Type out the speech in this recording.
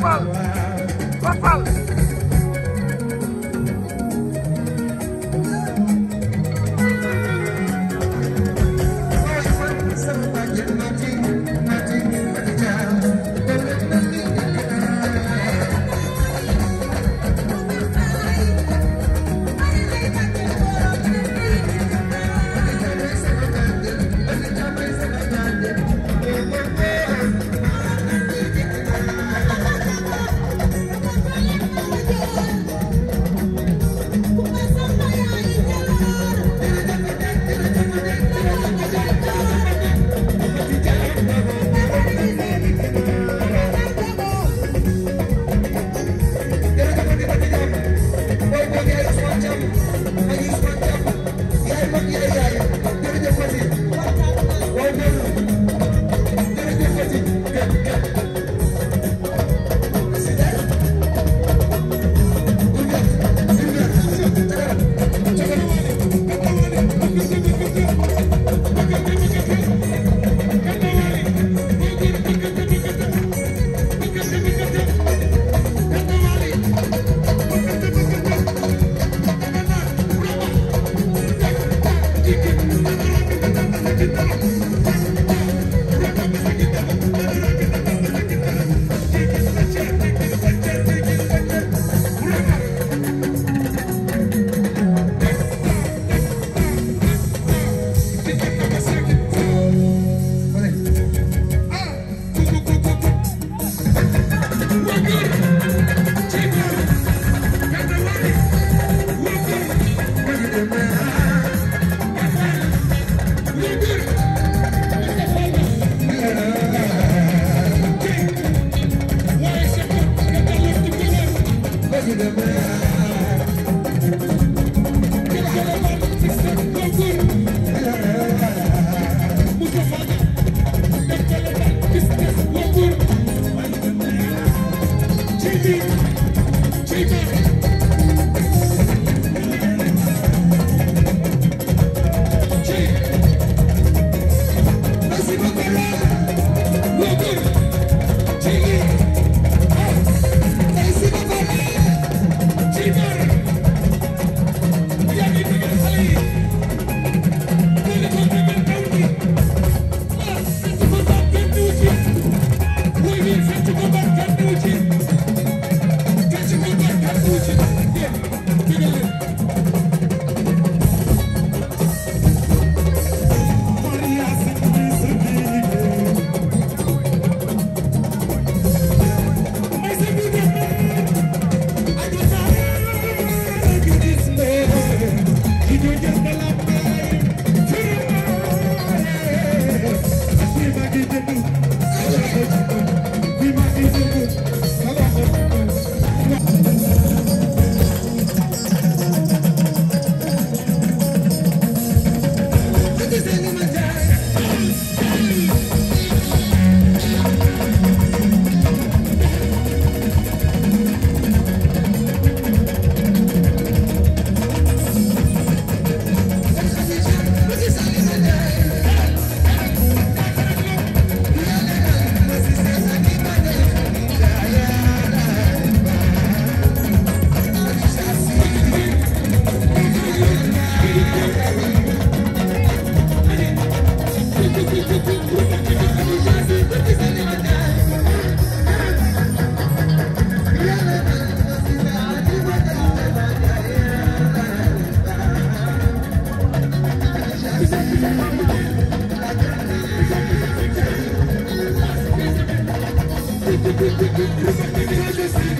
Fall Thank you.